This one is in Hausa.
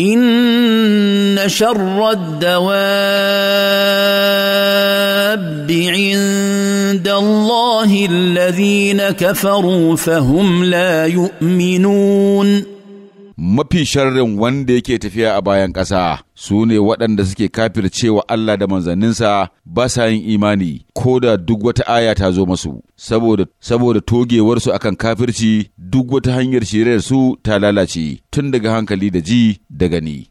ان شر الدواب عند الله الذين كفروا فهم لا يؤمنون mafi sharrin wanda yake tafiya a bayan ƙasa su ne waɗanda suke cewa Allah da manzanninsa ba sa yin imani ko da duk wata aya ta zo masu saboda saboda togewarsu akan kafirci duk wata hanyar shirayar su ta lalace tun daga hankali da ji da gani